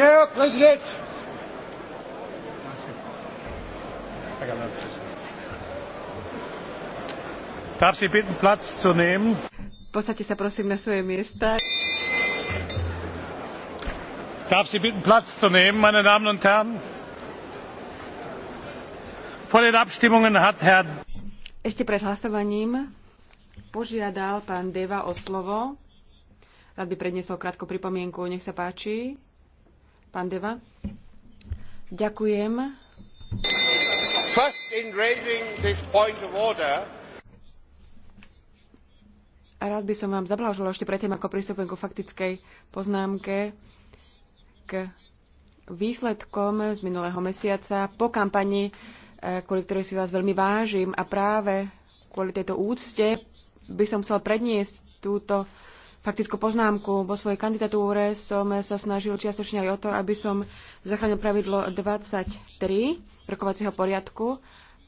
V podstate Darf Sie bitten, Platz zu nehmen? sa prosím na svoje miesta. Darf Sie bitten, Platz zu nehmen, meine Damen und Herren? Vor den Abstimmungen hat Herr... Ešte pred hlasovaním požiadal pán Deva o slovo. Rád by predniesol krátku pripomienku. Nech sa páči. Pán Deva. Ďakujem. First in raising this point of order, a rád by som vám zablahožila ešte predtým, ako pristupujem ku faktickej poznámke k výsledkom z minulého mesiaca po kampani, eh, kvôli ktorej si vás veľmi vážim a práve kvôli tejto úcte by som chcel predniesť túto faktickú poznámku. Vo svojej kandidatúre som sa snažil čiastočne aj o to, aby som zachránil pravidlo 23 rokovacieho poriadku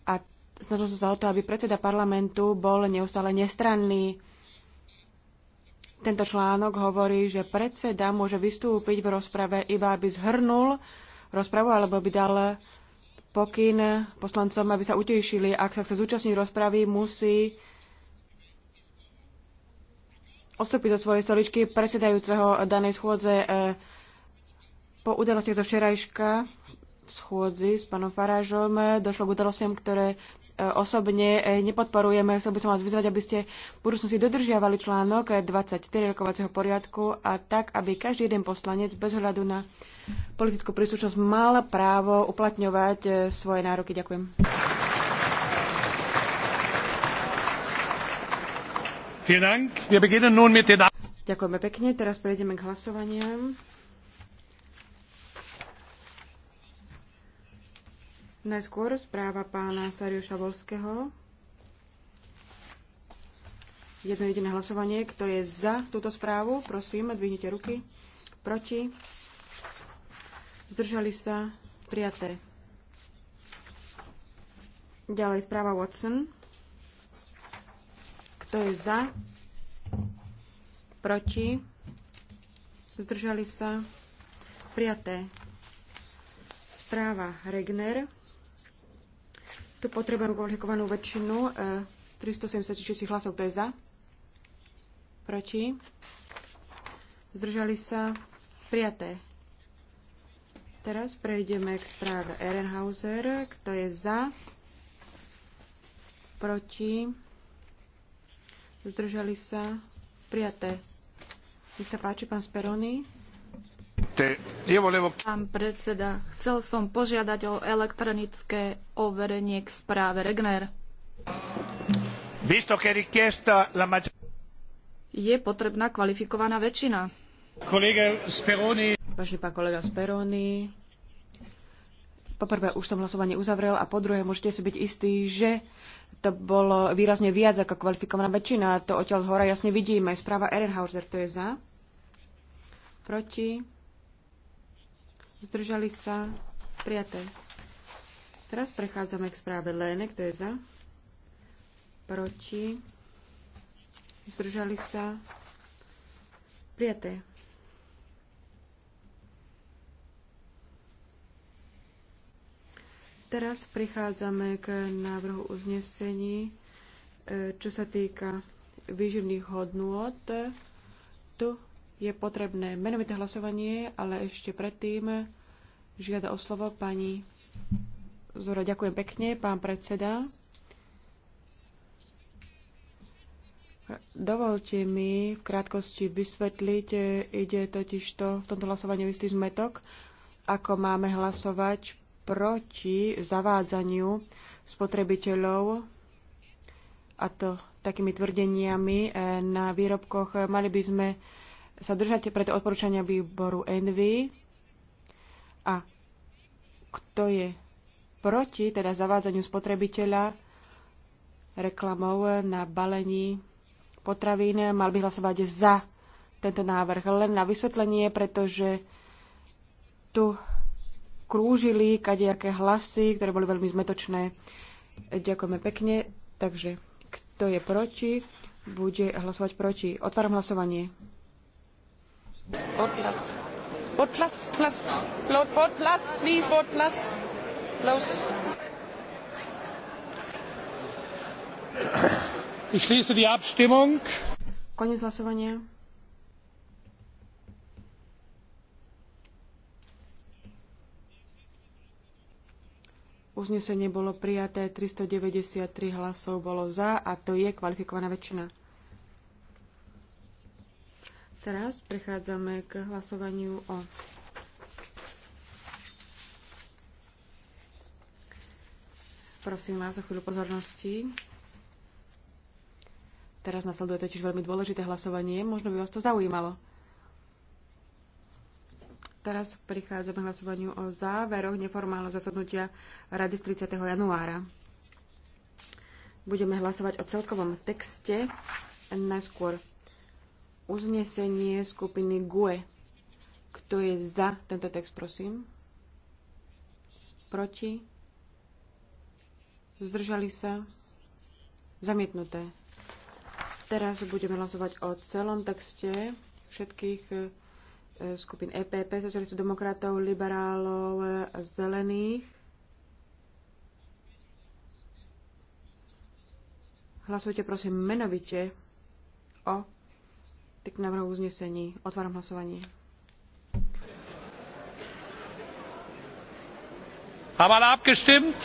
a snažil som sa o to, aby predseda parlamentu bol neustále nestranný. Tento článok hovorí, že predseda môže vystúpiť v rozprave iba aby zhrnul rozpravu alebo by dal pokyn poslancom, aby sa utešili. Ak sa chce zúčastniť rozpravy, musí odstúpiť zo svojej stoličky predsedajúceho danej schôdze. E, po udalostiach zo včerajška schôdzi s pánom Farážom e, došlo k udalostiam, ktoré e, osobne nepodporujeme. Chcel by som vás vyzvať, aby ste v budúcnosti dodržiavali článok 24 rokovacieho poriadku a tak, aby každý jeden poslanec bez hľadu na politickú príslušnosť mal právo uplatňovať svoje nároky. Ďakujem. Ďakujeme pekne. Teraz prejdeme k hlasovaniam. Najskôr správa pána Sariuša Volského. Jedno jediné hlasovanie. Kto je za túto správu? Prosím, dvihnite ruky. Proti? Zdržali sa? Prijaté. Ďalej správa Watson. Kto je za? Proti? Zdržali sa? Prijaté. Správa Regner. Tu potrebujem kvalifikovanú väčšinu. 376 e, hlasov. Kto je za? Proti? Zdržali sa? Prijaté. Teraz prejdeme k správe Ehrenhauser. Kto je za? Proti? Zdržali sa? Prijaté. Nech sa páči, pán Speroni. Pán predseda, chcel som požiadať o elektronické overenie k správe Regner. Je potrebná kvalifikovaná väčšina. Kolega Speroni. Vážený pán kolega Speroni, Poprvé už som hlasovanie uzavrel a po druhé môžete si byť istí, že to bolo výrazne viac ako kvalifikovaná väčšina. To odtiaľ z hora jasne vidíme. Správa Ehrenhauser, to je za. Proti. Zdržali sa. Prijaté. Teraz prechádzame k správe Lene, kto je za. Proti. Zdržali sa. Prijaté. Teraz prichádzame k návrhu uznesení, e, čo sa týka výživných hodnôt. Tu je potrebné menovité hlasovanie, ale ešte predtým žiada o slovo pani Zora. Ďakujem pekne, pán predseda. Dovolte mi v krátkosti vysvetliť, e, ide totiž to v tomto hlasovaní istý zmetok, ako máme hlasovať proti zavádzaniu spotrebiteľov a to takými tvrdeniami eh, na výrobkoch. Mali by sme sa držať preto odporúčania výboru Envy a kto je proti teda zavádzaniu spotrebiteľa reklamou na balení potravín, mal by hlasovať za tento návrh. Len na vysvetlenie, pretože tu krúžili kadejaké hlasy, ktoré boli veľmi zmetočné. Ďakujeme pekne. Takže kto je proti, bude hlasovať proti. Otváram hlasovanie. Vote plus. Vote plus, please, vote plus. Ich schließe die Abstimmung. Konec hlasovania. Uznesenie bolo prijaté, 393 hlasov bolo za a to je kvalifikovaná väčšina. Teraz prechádzame k hlasovaniu o Prosím vás o chvíľu pozornosti. Teraz nasleduje totiž veľmi dôležité hlasovanie. Možno by vás to zaujímalo. Teraz prichádzame k hlasovaniu o záveroch neformálneho zasadnutia Rady z 30. januára. Budeme hlasovať o celkovom texte. Najskôr uznesenie skupiny GUE. Kto je za tento text, prosím? Proti? Zdržali sa? Zamietnuté. Teraz budeme hlasovať o celom texte všetkých E, skupín EPP, socialistov, demokratov, liberálov, e, zelených. Hlasujte prosím menovite o tých návrhov uznesení. Otváram hlasovanie. Haben abgestimmt?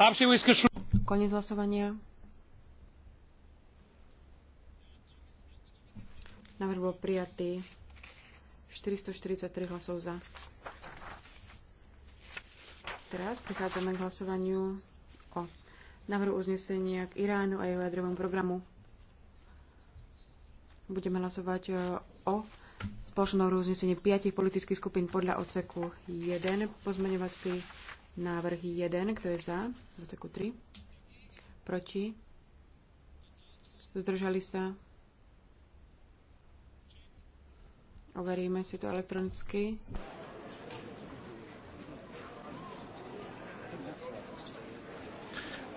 Abstimmung ist geschlossen. Koniec hlasovania. Návrh bol prijatý. 443 hlasov za. Teraz prichádzame k hlasovaniu o návrhu uznesenia k Iránu a jeho jadrovom programu. Budeme hlasovať e, o spoločnom návrhu uznesení piatich politických skupín podľa odseku 1, pozmeňovací návrh 1, kto je za, odseku 3, proti, zdržali sa, Overíme si to elektronicky.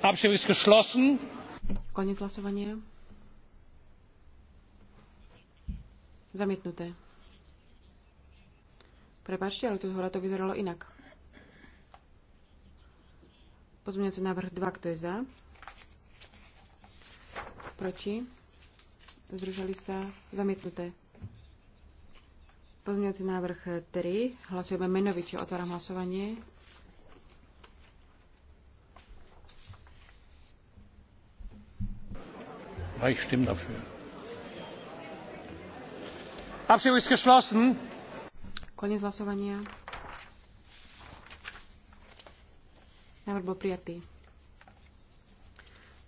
Abstimmung ist geschlossen. Konec hlasovania. Zamietnuté. Prepačte, ale tu hora to vyzeralo inak. Pozmeňujúci návrh 2, kto je za? Proti? Zdržali sa? Zamietnuté. Pozmeňujúci návrh 3. Hlasujeme menovite. Otváram hlasovanie. Ja, ich stimme dafür. Abstimmung ist geschlossen. Koniec hlasovania. Návrh bol prijatý.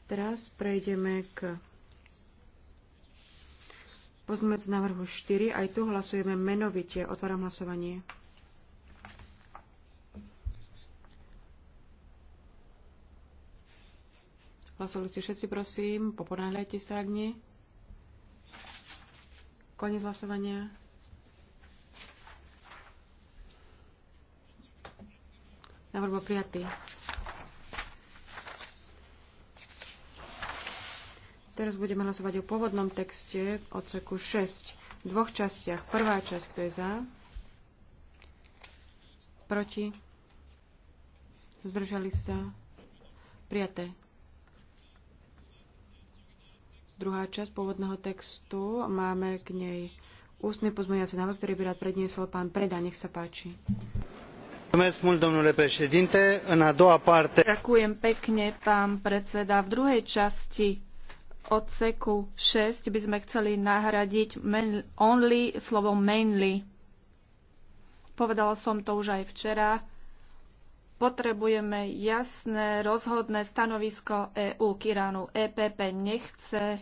Teraz prejdeme k Pozmec návrhu 4. Aj tu hlasujeme menovite. Otváram hlasovanie. Hlasovali ste všetci, prosím. Poponáhľajte sa, ak nie. Konec hlasovania. Návrh bol prijatý. Teraz budeme hlasovať o pôvodnom texte odseku 6 v dvoch častiach. Prvá časť, kto je za, proti, zdržali sa, prijaté. Druhá časť pôvodného textu, máme k nej ústny pozmeňovací návrh, ktorý by rád predniesol pán Preda. Nech sa páči. Ďakujem pekne, pán predseda. V druhej časti odseku 6 by sme chceli nahradiť only slovom mainly. Povedala som to už aj včera. Potrebujeme jasné, rozhodné stanovisko EÚ k Iránu. EPP nechce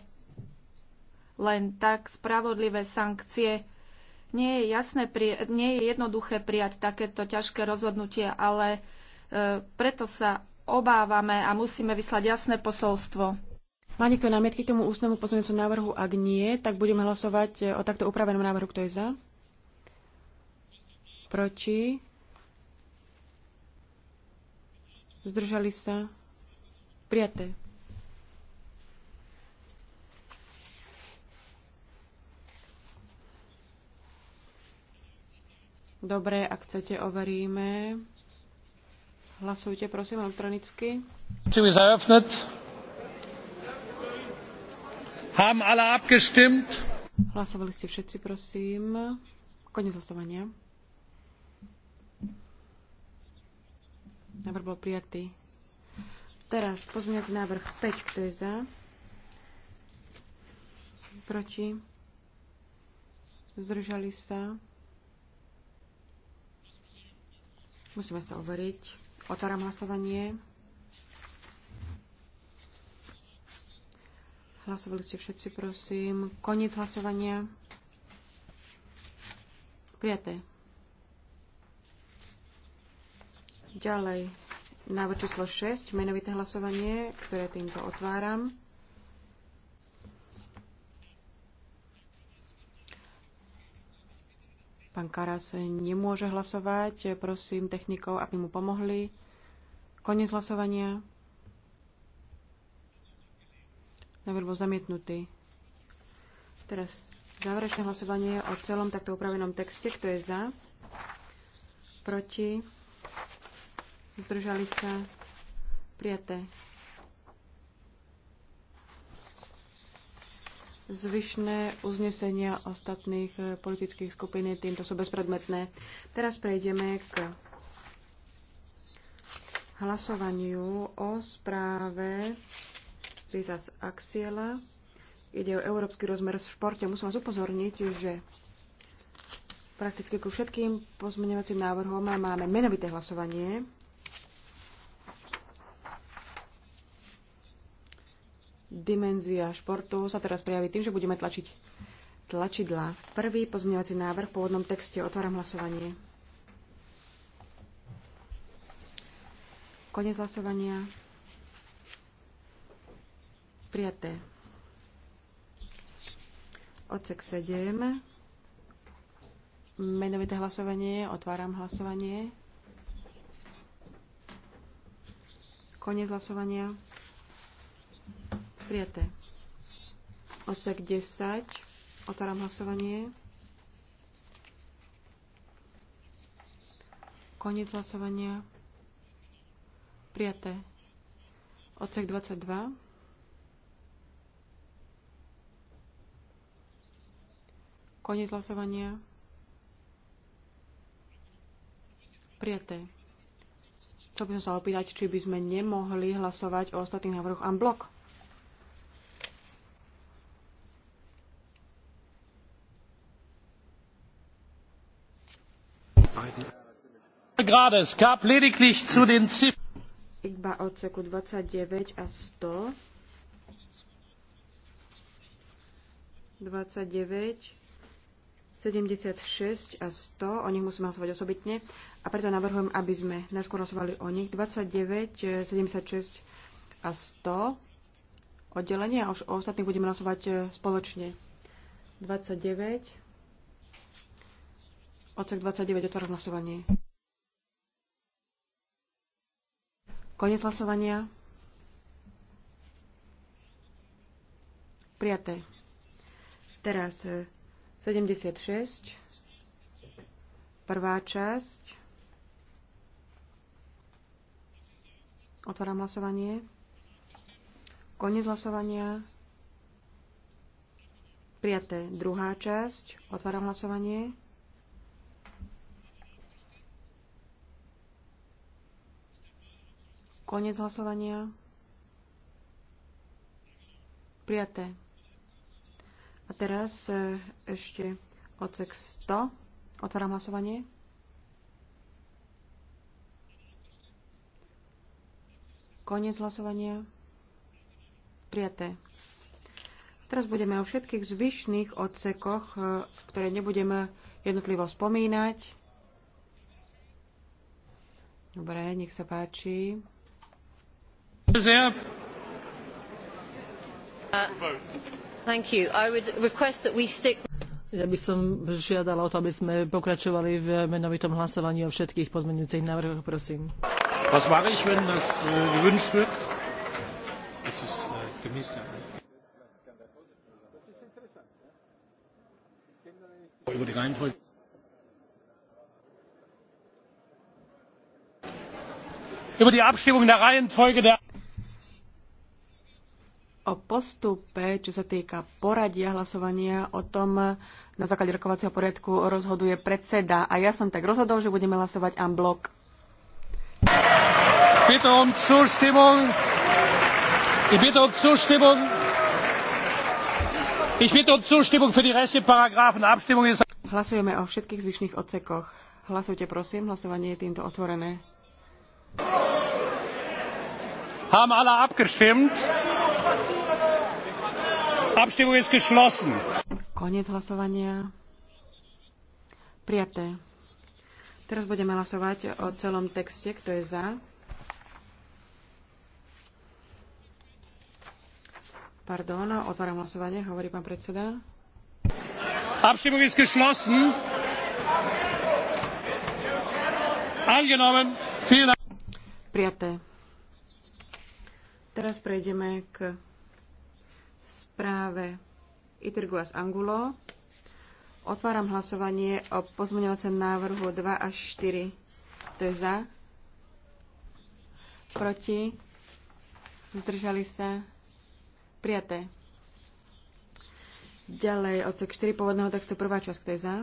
len tak spravodlivé sankcie. Nie je, jasné, nie je jednoduché prijať takéto ťažké rozhodnutie, ale e, preto sa obávame a musíme vyslať jasné posolstvo. Má niekto námietky k tomu ústnemu pozmeňujúcemu návrhu? Ak nie, tak budeme hlasovať e, o takto upravenom návrhu. Kto je za? Proti? Zdržali sa? Prijaté. Dobre, ak chcete, overíme. Hlasujte, prosím, elektronicky. Chcem zaöffnet. Haben alle abgestimmt? Hlasovali ste všetci, prosím. Konec hlasovania. Návrh bol prijatý. Teraz pozmeňací návrh 5, kto je za? Proti? Zdržali sa? Musíme sa overiť. Otváram hlasovanie. Hlasovali ste všetci, prosím. Koniec hlasovania. Prijaté. Ďalej. Návrh číslo 6, menovité hlasovanie, ktoré týmto otváram. Pán Karas nemôže hlasovať. Prosím technikov, aby mu pomohli. Koniec hlasovania. Návrh bol zamietnutý. Teraz záverečné hlasovanie o celom takto upravenom texte. Kto je za? Proti? Zdržali sa? Prijaté. Zvyšné uznesenia ostatných eh, politických skupín týmto sú bezpredmetné. Teraz prejdeme k hlasovaniu o správe Ríza z Axiela. Ide o európsky rozmer v športe. Musím vás upozorniť, že prakticky ku všetkým pozmeňovacím návrhom máme menovité hlasovanie. Dimenzia športu sa teraz prejaví tým, že budeme tlačiť tlačidla. Prvý pozmeňovací návrh v pôvodnom texte. Otváram hlasovanie. Konec hlasovania. Prijaté. Odsek 7. Menovité hlasovanie. Otváram hlasovanie. Koniec hlasovania. Prijaté. Odsek 10. Otváram hlasovanie. Koniec hlasovania. Prijaté. Odsek 22. Koniec hlasovania. Prijaté. Chcel by som sa opýtať, či by sme nemohli hlasovať o ostatných návrhoch en blok. Iba od odseku 29 a 100. 29 76 a 100, o nich musíme hlasovať osobitne a preto navrhujem, aby sme najskôr hlasovali o nich. 29, 76 a 100 oddelenie a o ostatných budeme hlasovať e, spoločne. 29, odsek 29, otvorím hlasovanie. Konec hlasovania. Prijaté. Teraz e, 76. Prvá časť. Otváram hlasovanie. Koniec hlasovania. Prijaté druhá časť. Otváram hlasovanie. Koniec hlasovania. Prijaté. A teraz e, ešte odsek 100. Otváram hlasovanie. Koniec hlasovania. Prijaté. Teraz budeme o všetkých zvyšných odsekoch, e, ktoré nebudeme jednotlivo spomínať. Dobre, nech sa páči. Uh, Stick... Ja by som žiadala o to, aby sme pokračovali v menovitom hlasovaní o všetkých pozmeňujúcich návrhoch, prosím. Was mache ich, wenn das äh, gewünscht wird? Das ist äh, gemäß der... Über die Reihenfolge. Über die Abstimmung der Reihenfolge der o postupe, čo sa týka poradia hlasovania, o tom na základe rokovacieho poriadku rozhoduje predseda. A ja som tak rozhodol, že budeme hlasovať en bloc. Bitte um Zustimmung. Ich bitte um Zustimmung. Ich bitte um Zustimmung für die Abstimmung ist... Hlasujeme o všetkých zvyšných odsekoch. Hlasujte prosím, hlasovanie je týmto otvorené. Haben alle abgestimmt? Abstimmung ist geschlossen. hlasovania. Prijaté. Teraz budeme hlasovať o celom texte, kto je za. Pardon, otváram hlasovanie, hovorí pán predseda. Abstimmung ist geschlossen. Angenommen. Vielen Dank. Prijaté. Teraz prejdeme k práve Itrguas Angulo. Otváram hlasovanie o pozmeňovacom návrhu 2 až 4. To je za. Proti. Zdržali sa. Prijaté. Ďalej, odsek 4 pôvodného textu, prvá časť, kto je za?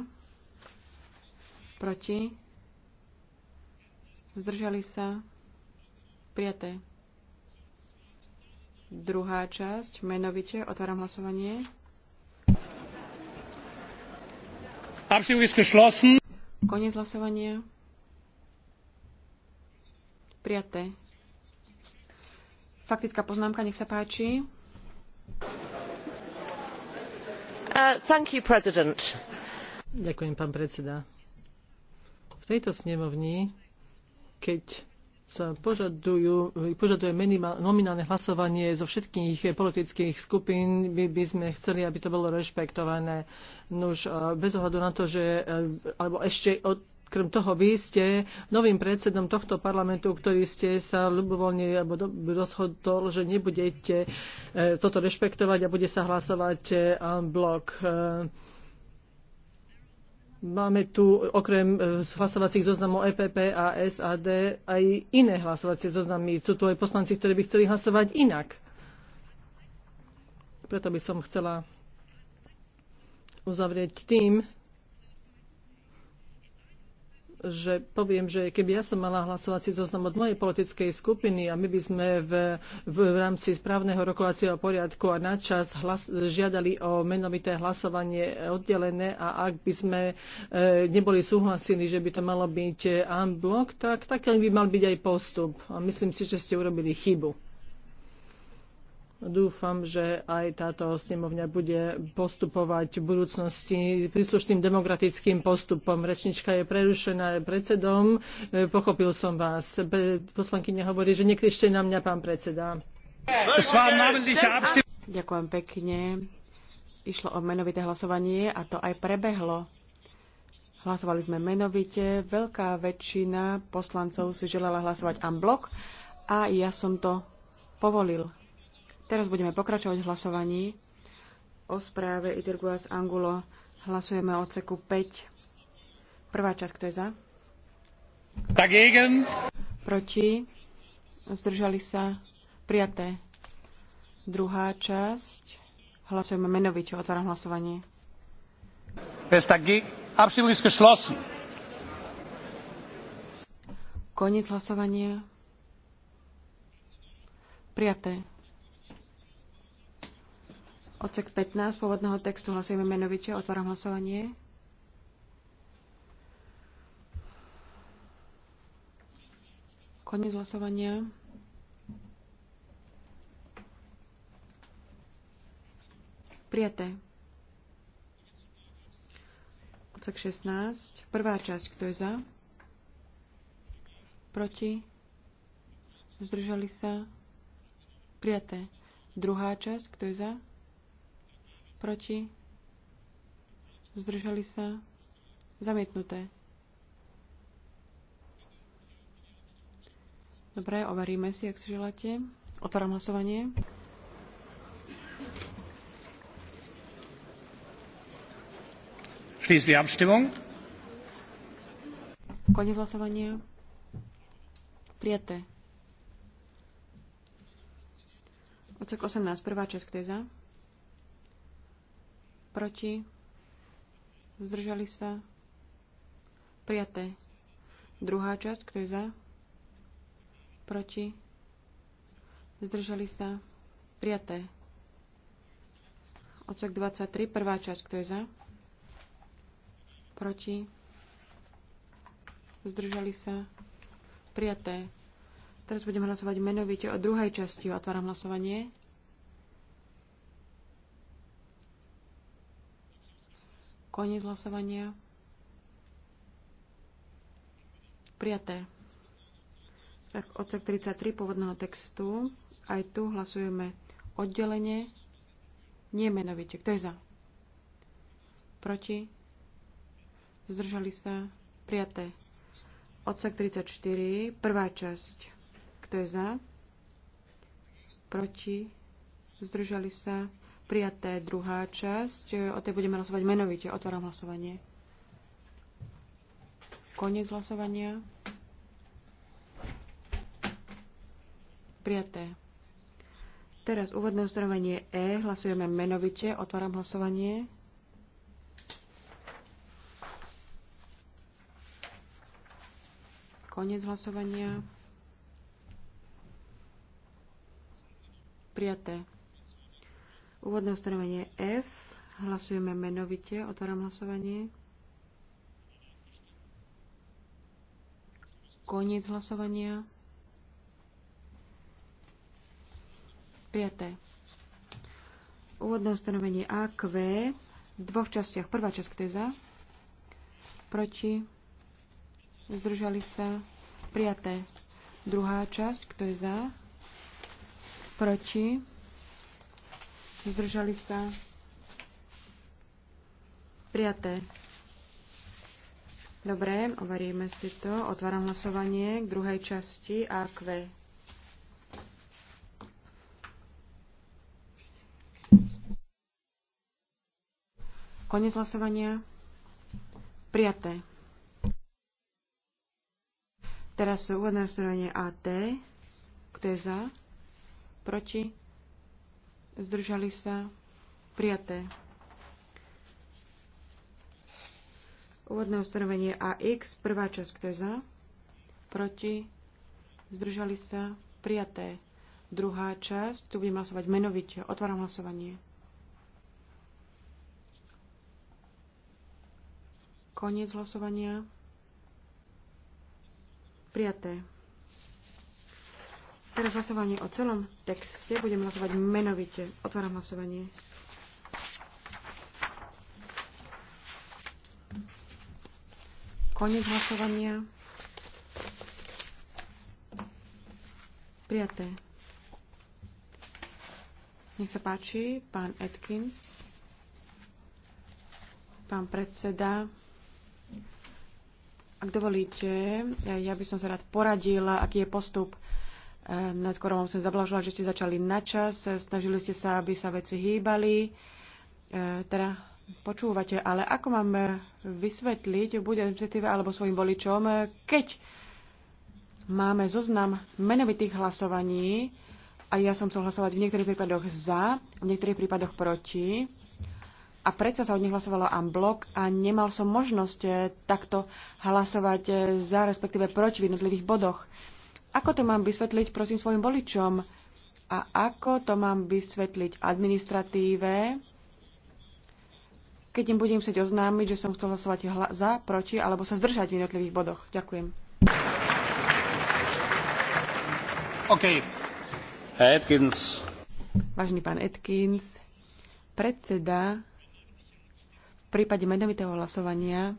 Proti? Zdržali sa? Prijaté. Druhá časť, menovite, otváram hlasovanie. Koniec hlasovania. Prijaté. Faktická poznámka, nech sa páči. Uh, thank you, President. Ďakujem, pán predseda. V tejto snemovni, keď sa požadujú, požaduje minimál, nominálne hlasovanie zo všetkých politických skupín, My by sme chceli, aby to bolo rešpektované. Nuž, bez ohľadu na to, že, e, alebo ešte od, Krem toho, vy ste novým predsedom tohto parlamentu, ktorý ste sa ľubovoľne alebo rozhodol, že nebudete e, toto rešpektovať a bude sa hlasovať e, blok Máme tu okrem e, hlasovacích zoznamov EPP a SAD aj iné hlasovacie zoznamy. Sú tu aj poslanci, ktorí by chceli hlasovať inak. Preto by som chcela uzavrieť tým, že poviem, že keby ja som mala hlasovací zoznam od mojej politickej skupiny a my by sme v, v, v rámci správneho rokovacieho poriadku a načas hlas, žiadali o menovité hlasovanie oddelené a ak by sme e, neboli súhlasili, že by to malo byť unblock, tak taký by mal byť aj postup. A myslím si, že ste urobili chybu. Dúfam, že aj táto snemovňa bude postupovať v budúcnosti príslušným demokratickým postupom. Rečnička je prerušená predsedom. E, pochopil som vás. Poslankyňa hovorí, že nekrište na mňa, pán predseda. Ďakujem pekne. Išlo o menovité hlasovanie a to aj prebehlo. Hlasovali sme menovite. Veľká väčšina poslancov si želala hlasovať amblok blok a ja som to povolil. Teraz budeme pokračovať v hlasovaní o správe Itirguas Angulo. Hlasujeme o ceku 5. Prvá časť, kto je za? Dagegen. Proti. Zdržali sa. Prijaté. Druhá časť. Hlasujeme menovite. Otváram hlasovanie. Wer Abstimmung geschlossen. Koniec hlasovania. Prijaté. Odsek 15 pôvodného textu hlasujeme menovite. Otváram hlasovanie. Koniec hlasovania. Prijaté. Odsek 16. Prvá časť. Kto je za? Proti? Zdržali sa? Prijaté. Druhá časť. Kto je za? proti, zdržali sa, zamietnuté. Dobre, overíme si, ak si želáte. Otváram hlasovanie. Schließe die Abstimmung. Konec hlasovania. Prijaté. Odsek 18, prvá časť, kto je za? proti, zdržali sa, prijaté. Druhá časť, kto je za, proti, zdržali sa, prijaté. Odsek 23, prvá časť, kto je za, proti, zdržali sa, prijaté. Teraz budeme hlasovať menovite o druhej časti. Otváram hlasovanie. Koniec hlasovania. Prijaté. Tak odsek 33 pôvodného textu. Aj tu hlasujeme oddelenie. Nie menovite. Kto je za? Proti? Zdržali sa? Prijaté. Odsek 34, prvá časť. Kto je za? Proti? Zdržali sa? Prijaté druhá časť. E, o tej budeme hlasovať menovite. Otváram hlasovanie. Koniec hlasovania. Prijaté. Teraz úvodné ustanovenie E. Hlasujeme menovite. Otváram hlasovanie. Koniec hlasovania. Prijaté. Úvodné ustanovenie F. Hlasujeme menovite. Otváram hlasovanie. Koniec hlasovania. Prijaté. Úvodné ustanovenie A, Q v dvoch častiach. Prvá časť, kto je za? Proti? Zdržali sa? Prijaté. Druhá časť, kto je za? Proti? Zdržali sa? Prijaté. Dobre, overíme si to. Otváram hlasovanie k druhej časti V. Konec hlasovania. Prijaté. Teraz sú úvodné hlasovanie AT. Kto je za? Proti? zdržali sa, prijaté. Úvodné ustanovenie AX, prvá časť, kto je za, proti, zdržali sa, prijaté. Druhá časť, tu budem hlasovať menovite. Otváram hlasovanie. Koniec hlasovania. Prijaté. Teraz hlasovanie o celom texte. Budem hlasovať menovite. Otváram hlasovanie. Koniec hlasovania. Prijaté. Nech sa páči, pán Atkins, pán predseda. Ak dovolíte, ja by som sa rád poradila, aký je postup Ehm, Najskôr vám som zablažila, že ste začali na čas, snažili ste sa, aby sa veci hýbali, ehm, teda počúvate, ale ako mám vysvetliť buď administratíve alebo svojim voličom, keď máme zoznam menovitých hlasovaní a ja som chcel hlasovať v niektorých prípadoch za, v niektorých prípadoch proti a predsa sa od nich hlasovalo en blok a nemal som možnosť eh, takto hlasovať eh, za, respektíve proti v jednotlivých bodoch. Ako to mám vysvetliť prosím svojim voličom? A ako to mám vysvetliť administratíve, keď im budem chcieť oznámiť, že som chcel hlasovať za, proti alebo sa zdržať v jednotlivých bodoch? Ďakujem. OK. Atkins. Vážený pán Atkins, predseda v prípade menovitého hlasovania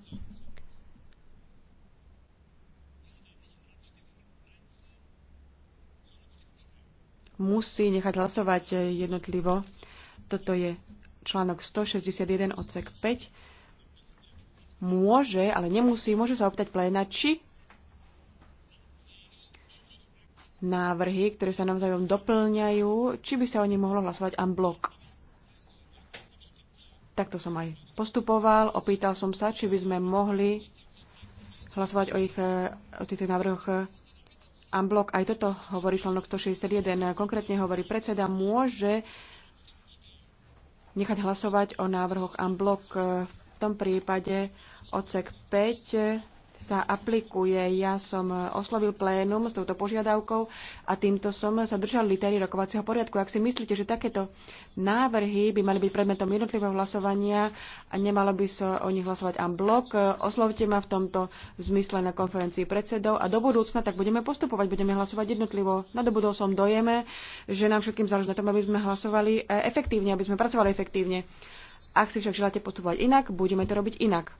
musí nechať hlasovať e, jednotlivo. Toto je článok 161 odsek 5. Môže, ale nemusí, môže sa opýtať pléna, či návrhy, ktoré sa navzájom doplňajú, či by sa o nich mohlo hlasovať en blok. Takto som aj postupoval. Opýtal som sa, či by sme mohli hlasovať o, ich, e, o týchto návrhoch Amblok, aj toto hovorí článok 161, konkrétne hovorí predseda, môže nechať hlasovať o návrhoch Amblok v tom prípade odsek 5 sa aplikuje. Ja som e, oslovil plénum s touto požiadavkou a týmto som sa držal litery rokovacieho poriadku. Ak si myslíte, že takéto návrhy by mali byť predmetom jednotlivého hlasovania a nemalo by sa o nich hlasovať en blok, e, oslovte ma v tomto zmysle na konferencii predsedov a do budúcna tak budeme postupovať, budeme hlasovať jednotlivo. Na Nadobudol som dojeme, že nám všetkým záleží na tom, aby sme hlasovali e, efektívne, aby sme pracovali efektívne. Ak si však želáte postupovať inak, budeme to robiť inak.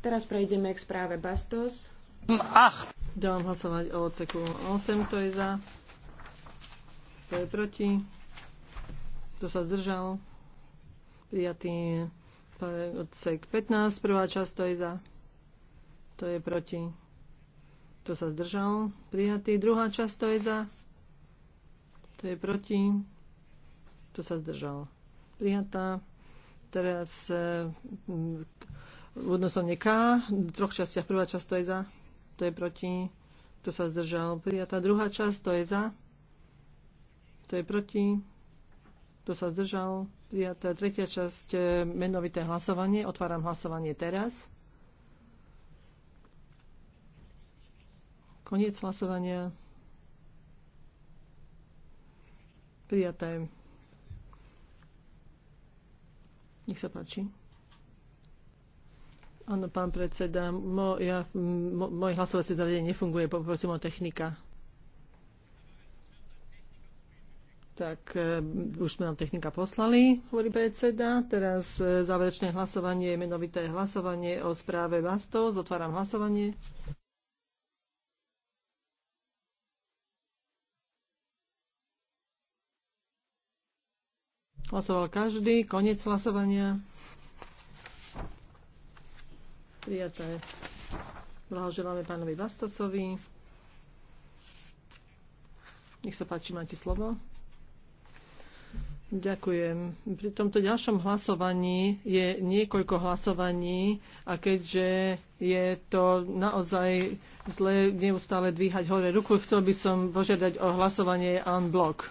Teraz prejdeme k správe Bastos. Ach. Dávam hlasovať o odseku 8, kto je za, kto je proti, kto sa zdržal. Prijatý je odsek 15, prvá časť, to je za, To je proti, kto sa zdržal. Prijatý druhá časť, to je za, To je proti, kto sa zdržal. Prijatá. Teraz eh, Údnoslovne K, v troch častiach. Prvá časť to je za, to je proti, to sa zdržal. Prijatá druhá časť to je za, to je proti, to sa zdržal. Prijatá tretia časť e, menovité hlasovanie. Otváram hlasovanie teraz. Koniec hlasovania. Prijaté. Nech sa páči. Áno, pán predseda, moja, moje hlasovacie zariadenie nefunguje, poprosím o technika. Tak e, už sme nám technika poslali, hovorí predseda. Teraz e, záverečné hlasovanie, menovité hlasovanie o správe Bastos. Otváram hlasovanie. Hlasoval každý. Koniec hlasovania. Prijaté. Blahoželáme pánovi Bastosovi. Nech sa páči, máte slovo. Ďakujem. Pri tomto ďalšom hlasovaní je niekoľko hlasovaní a keďže je to naozaj zle neustále dvíhať hore ruku, chcel by som požiadať o hlasovanie en bloc.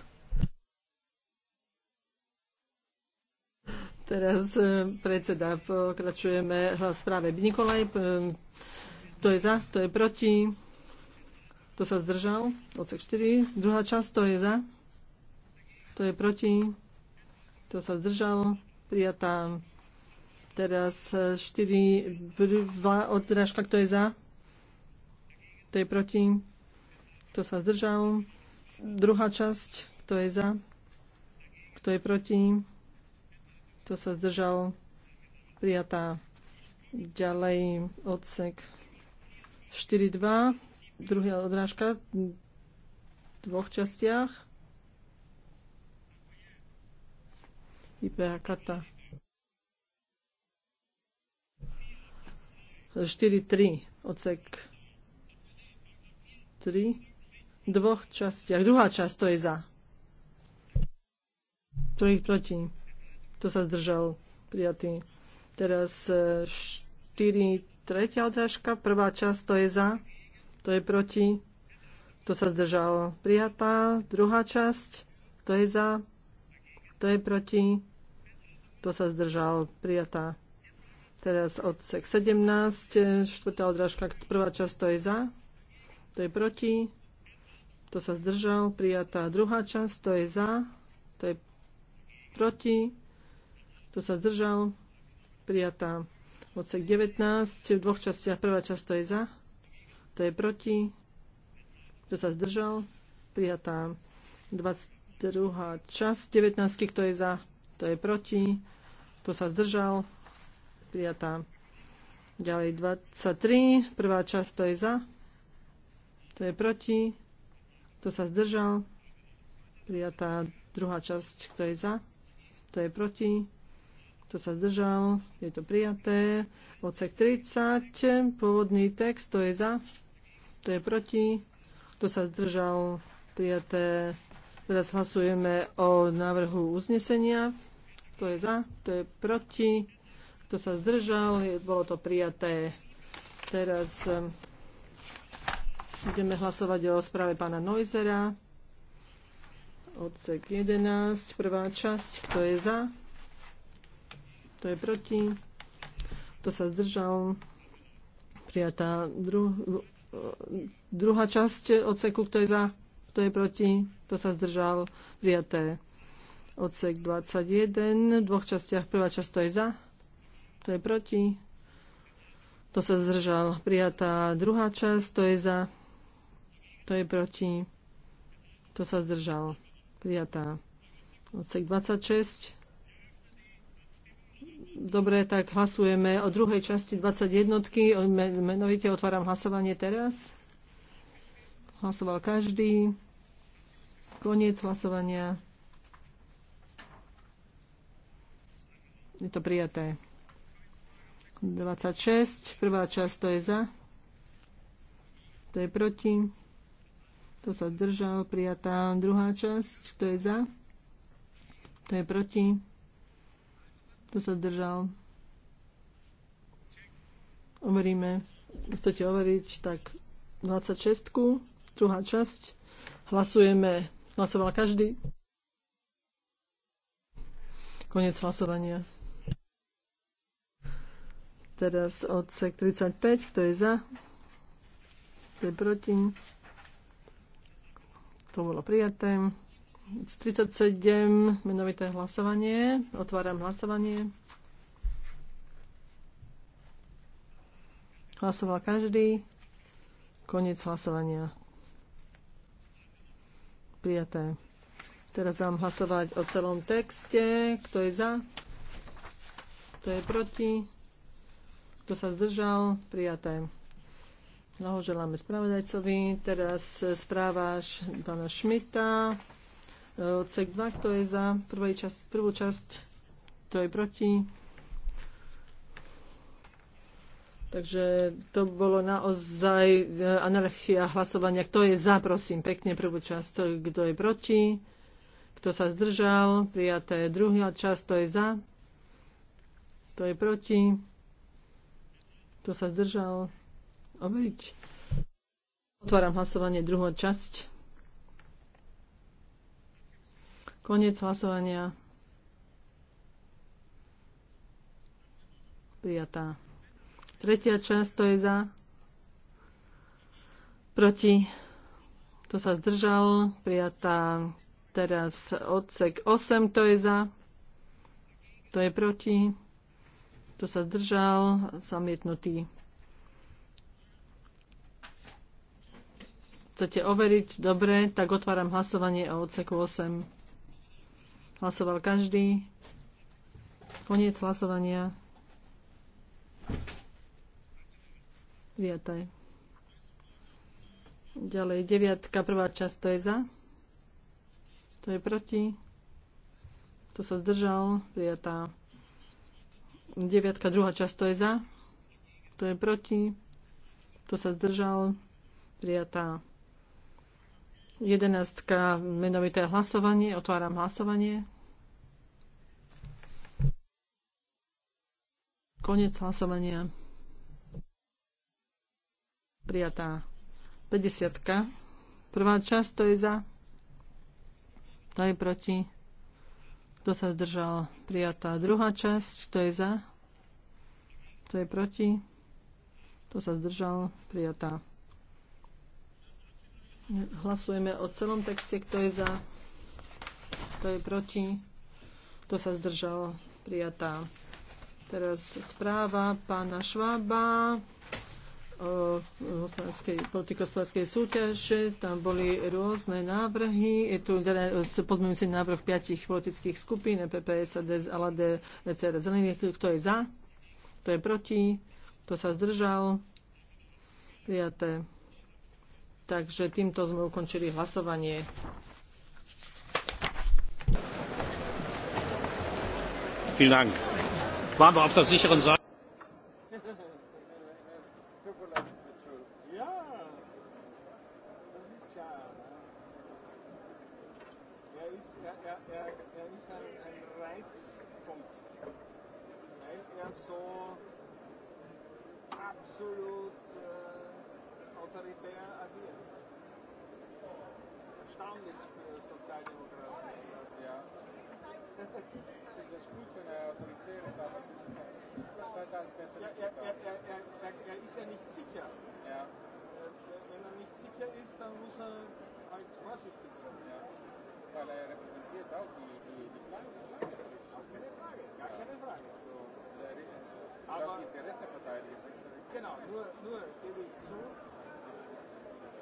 Teraz e, predseda, pokračujeme hlas práve Nikolaj. To je za, to je proti. To sa zdržal. Odsek 4. Druhá časť, to je za. To je proti. To sa zdržal. Prijatá. Teraz 4, e, 2 odrážka, kto je za. To je proti. To sa zdržal. Druhá časť, kto je za. Kto je proti? Kto sa zdržal? Prijatá. Ďalej odsek 4.2. Druhá odrážka v dvoch častiach. Ipeakata. 4.3 odsek 3 v dvoch častiach. Druhá časť to je za. Ktorých proti. Kto sa zdržal? Prijatý. Teraz 4, e, tretia odrážka. Prvá časť, to je za. To je proti. Kto sa zdržal? Prijatá. Druhá časť, to je za. To je proti. Kto sa zdržal? Prijatá. Teraz odsek 17, e, štvrtá odrážka, prvá časť to je za, to je proti, to sa zdržal, prijatá druhá časť, to je za, to je proti, kto sa zdržal? Prijatá. Odsek 19. V dvoch častiach. Prvá časť to je za. To je proti. Kto sa zdržal? Prijatá. 22. časť 19. Kto je za? To je proti. Kto sa zdržal? Prijatá. Ďalej 23. Prvá časť to je za. To je proti. Kto sa zdržal? Prijatá druhá časť. Kto je za? To je proti. Kto sa zdržal? Je to prijaté. Odsek 30. Pôvodný text. To je za. To je proti. Kto sa zdržal? Prijaté. Teraz hlasujeme o návrhu uznesenia. To je za. To je proti. Kto sa zdržal? Je, bolo to prijaté. Teraz um, budeme hlasovať o správe pána Neusera. Odsek 11. Prvá časť. Kto je za? To je proti? to sa zdržal? Prijatá dru- druhá časť odseku. Kto je za? Kto je proti? to sa zdržal? Prijaté. Odsek 21 v dvoch častiach. Prvá časť to je za, to je proti. To sa zdržal. Prijatá druhá časť to je za, to je proti. To sa zdržal. Prijatá. Odsek 26 Dobre, tak hlasujeme o druhej časti 21. Menovite otváram hlasovanie teraz. Hlasoval každý. Koniec hlasovania. Je to prijaté. 26. Prvá časť to je za. To je proti. To sa zdržal. Prijatá druhá časť. To je za. To je proti kto sa držal. Overíme. Chcete overiť? Tak 26. Druhá časť. Hlasujeme. Hlasoval každý. Konec hlasovania. Teraz odsek 35. Kto je za? Kto je proti? To bolo prijaté. 37, menovité hlasovanie. Otváram hlasovanie. Hlasoval každý. Koniec hlasovania. Prijaté. Teraz dám hlasovať o celom texte. Kto je za? Kto je proti? Kto sa zdržal? Prijaté. Mnoho želáme spravodajcovi. Teraz správa pána Šmita. Odsek 2, kto je za prvej časť, prvú časť, kto je proti. Takže to bolo naozaj eh, anarchia hlasovania. Kto je za, prosím, pekne prvú časť, kto je proti. Kto sa zdržal, prijaté druhá časť, to je za. To je proti. Kto sa zdržal, overiť. Otváram hlasovanie druhú časť. Koniec hlasovania. Prijatá. Tretia časť, to je za. Proti. To sa zdržal. Prijatá. Teraz odsek 8, to je za. To je proti. To sa zdržal. Zamietnutý. Chcete overiť? Dobre, tak otváram hlasovanie o odseku 8. Hlasoval každý. Koniec hlasovania. Prijaté. Ďalej, deviatka, prvá časť, to je za. To je proti. To sa zdržal. Prijatá. Deviatka, druhá časť, to je za. To je proti. To sa zdržal. Prijatá. Jedenáctka, menovité hlasovanie. Otváram hlasovanie. Konec hlasovania. Prijatá 50. Prvá časť, to je za. To je proti. Kto sa zdržal? Prijatá druhá časť, to je za. To je proti. Kto sa zdržal? Prijatá Hlasujeme o celom texte, kto je za, kto je proti, kto sa zdržal, prijatá. Teraz správa pána Švába o politikospodárskej súťaže. Tam boli rôzne návrhy. Je tu podmienujúci návrh piatich politických skupín, EPP, SAD, ALAD, ECR, Zelený. Kto je za? Kto je proti? Kto sa zdržal? Prijaté. Takže týmto sme ukončili hlasovanie. Vielen Dank. Waren wir auf der sicheren Seite? portato di, di, di Flavio, che ne che ne Genau, nur, nur gebe ich zu,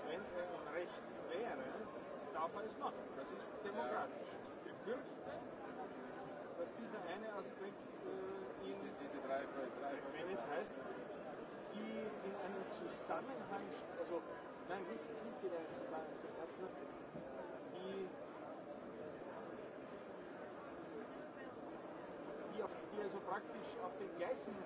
wenn er im Recht wäre, darf er es machen. Das ist demokratisch. Wir fürchten, dass dieser eine Aspekt äh, in, diese, diese drei, drei, wenn es heißt, die in einem Zusammenhang, also nein, nicht, nicht in einem Zusammenhang, er die die also er praktisch auf den gleichen, äh,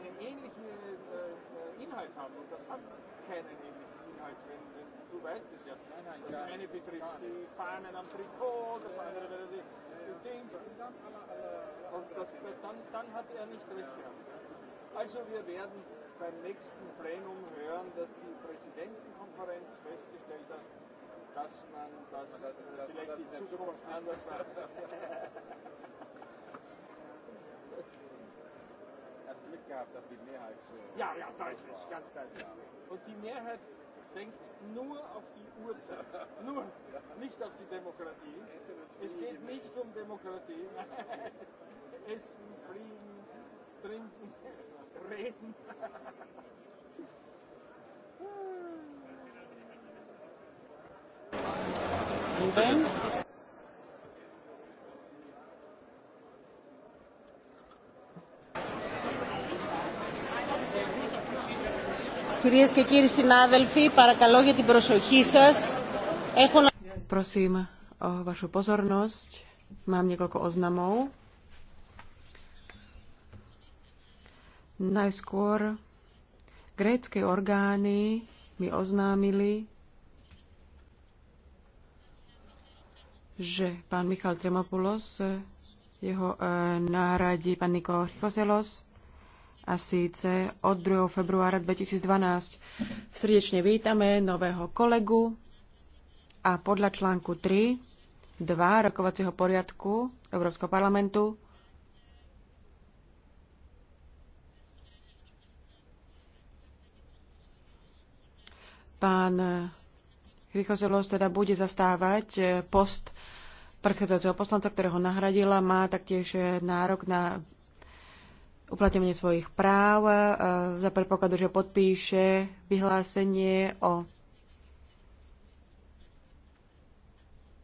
einen ähnlichen äh, äh, Inhalt haben. Und das hat keinen ähnlichen Inhalt, wenn, wenn du weißt es ja. Nein, nein, das eine nicht, betrifft die Fahnen am Trikot, das andere ja, die, die ja, Dings. Und das, dann, dann hat er nicht recht gehabt. Also wir werden beim nächsten Plenum hören, dass die Präsidentenkonferenz festgestellt hat, dass man das, das vielleicht das in Zukunft anders macht. Glück gehabt, dass die Mehrheit so. Ja, ja, so deutlich, war. ganz deutlich. Und die Mehrheit denkt nur auf die Uhrzeit, nur, nicht auf die Demokratie. Es geht nicht um Demokratie. Essen, Frieden, Trinken, Reden. Rubén. Κυρίες και κύριοι συνάδελφοι, παρακαλώ για την προσοχή σας. Έχω να... Prosím o vašu pozornosť. Mám niekoľko oznamov. Najskôr grécké orgány mi oznámili, že pán Michal Tremopoulos, jeho eh, náhradí pán Nikol Chrychoselos, a síce od 2. februára 2012. Srdečne vítame nového kolegu a podľa článku 3, 2 rokovacieho poriadku Európskeho parlamentu pán Hrychozelos teda bude zastávať eh, post predchádzajúceho poslanca, ktorého nahradila, má taktiež eh, nárok na uplatňovanie svojich práv e, za predpokladu, že podpíše vyhlásenie o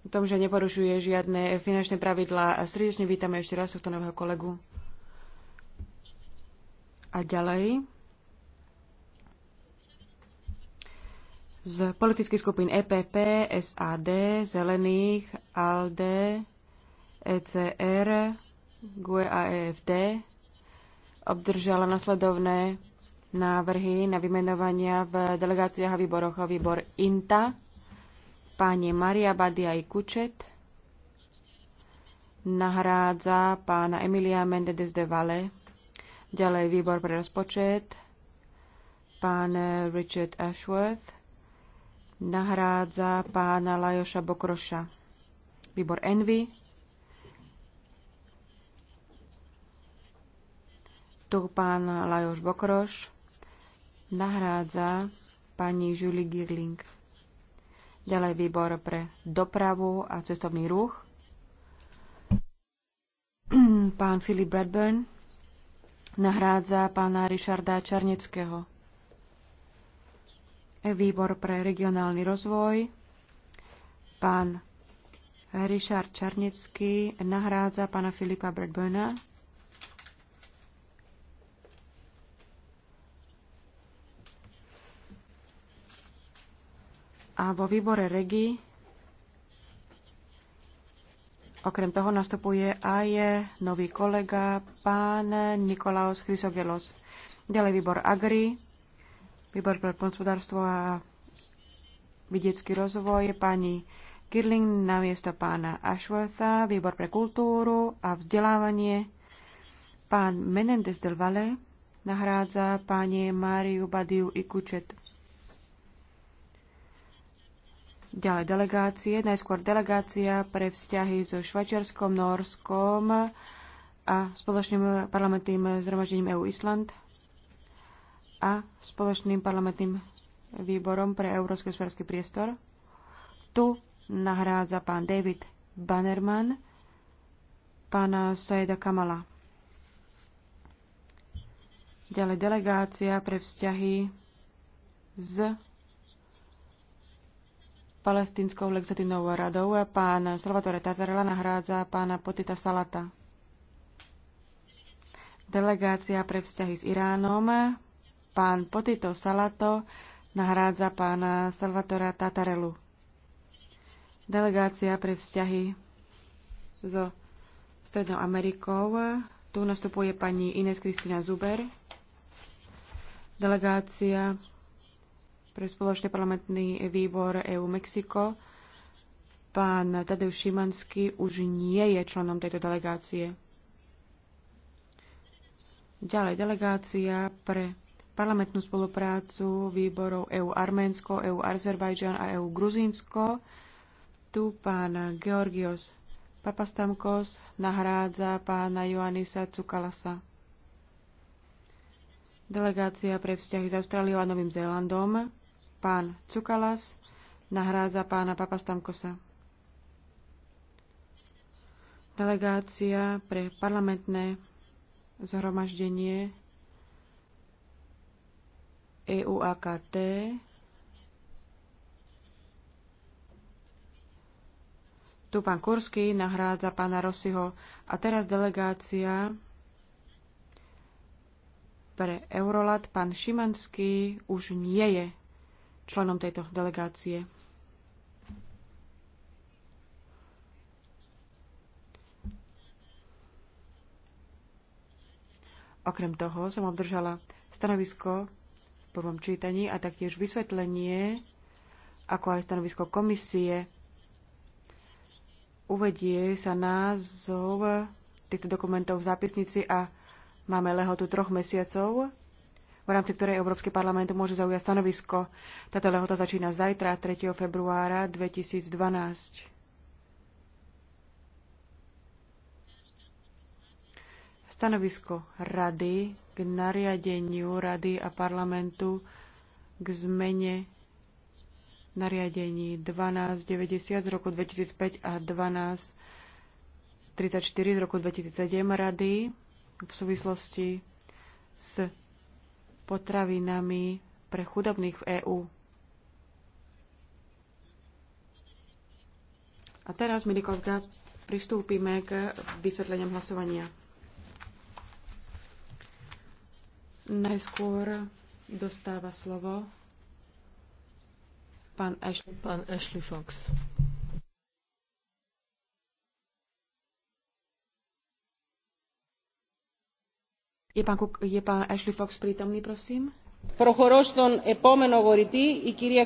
tom, že neporušuje žiadne finančné pravidlá. A srdečne vítame ešte raz tohto nového kolegu. A ďalej. Z politických skupín EPP, SAD, Zelených, ALDE, ECR, GUE a EFD obdržala nasledovné návrhy na vymenovania v delegáciách a výboroch. Výbor INTA, páni Maria Badiaj Kučet, nahrádza pána Emilia Mendedes de Valle. Ďalej výbor pre rozpočet, pán Richard Ashworth, nahrádza pána Lajoša Bokroša. Výbor Envy, tu pán Lajos Bokroš nahrádza pani Julie Girling. Ďalej výbor pre dopravu a cestovný ruch. Pán Philip Bradburn nahrádza pána Richarda Čarneckého. Výbor pre regionálny rozvoj. Pán Richard Čarnecký nahrádza pána Filipa Bradburna. A vo výbore REGI okrem toho nastupuje aj nový kolega, pán Nikolaos Chrysogelos. Ďalej výbor AGRI, výbor pre hospodárstvo a vidiecký rozvoj, pani Kirling na miesto pána Ashwortha, výbor pre kultúru a vzdelávanie, pán Menendez del Valle nahrádza pani Máriu Badiu Ikučet. Ďalej delegácie, najskôr delegácia pre vzťahy so Švajčiarskom, Norskom a spoločným parlamentným zhromaždením EU Island a spoločným parlamentným výborom pre Európsky hospodársky priestor. Tu nahrádza pán David Bannerman pána Saida Kamala. Ďalej delegácia pre vzťahy s palestínskou legislatívnou radou. Pán Salvatore Tatarela nahrádza pána Potita Salata. Delegácia pre vzťahy s Iránom. Pán Potito Salato nahrádza pána Salvatora Tatarelu. Delegácia pre vzťahy so Strednou Amerikou. Tu nastupuje pani Ines Kristina Zuber. Delegácia pre spoločný parlamentný výbor EU-Mexiko. Pán Tadeusz Šimanský už nie je členom tejto delegácie. Ďalej, delegácia pre parlamentnú spoluprácu výborov EU Arménsko, EU Azerbajdžan a EU Gruzínsko. Tu pán Georgios Papastamkos nahrádza pána Joannisa Cukalasa. Delegácia pre vzťahy s Austráliou a Novým Zélandom Pán Cukalas nahrádza pána Papastamkosa. Delegácia pre parlamentné zhromaždenie EUAKT Tu pán Kurský nahrádza pána Rosiho. A teraz delegácia pre Eurolat. Pán Šimanský už nie je členom tejto delegácie. Okrem toho som obdržala stanovisko v prvom čítaní a taktiež vysvetlenie, ako aj stanovisko komisie. Uvedie sa názov týchto dokumentov v zápisnici a máme lehotu troch mesiacov v rámci ktorej Európsky parlament môže zaujať stanovisko. Táto lehota začína zajtra, 3. februára 2012. Stanovisko Rady k nariadeniu Rady a parlamentu k zmene nariadení 1290 z roku 2005 a 1234 z roku 2007 Rady v súvislosti s potravinami pre chudobných v EÚ. A teraz, milí kolega, pristúpime k vysvetleniam hlasovania. Najskôr dostáva slovo pán Ashley, pán Ashley Fox. Je pán, Kuk, je pán Ashley Fox prítomný, prosím? επόμενο αγορητή, η κυρία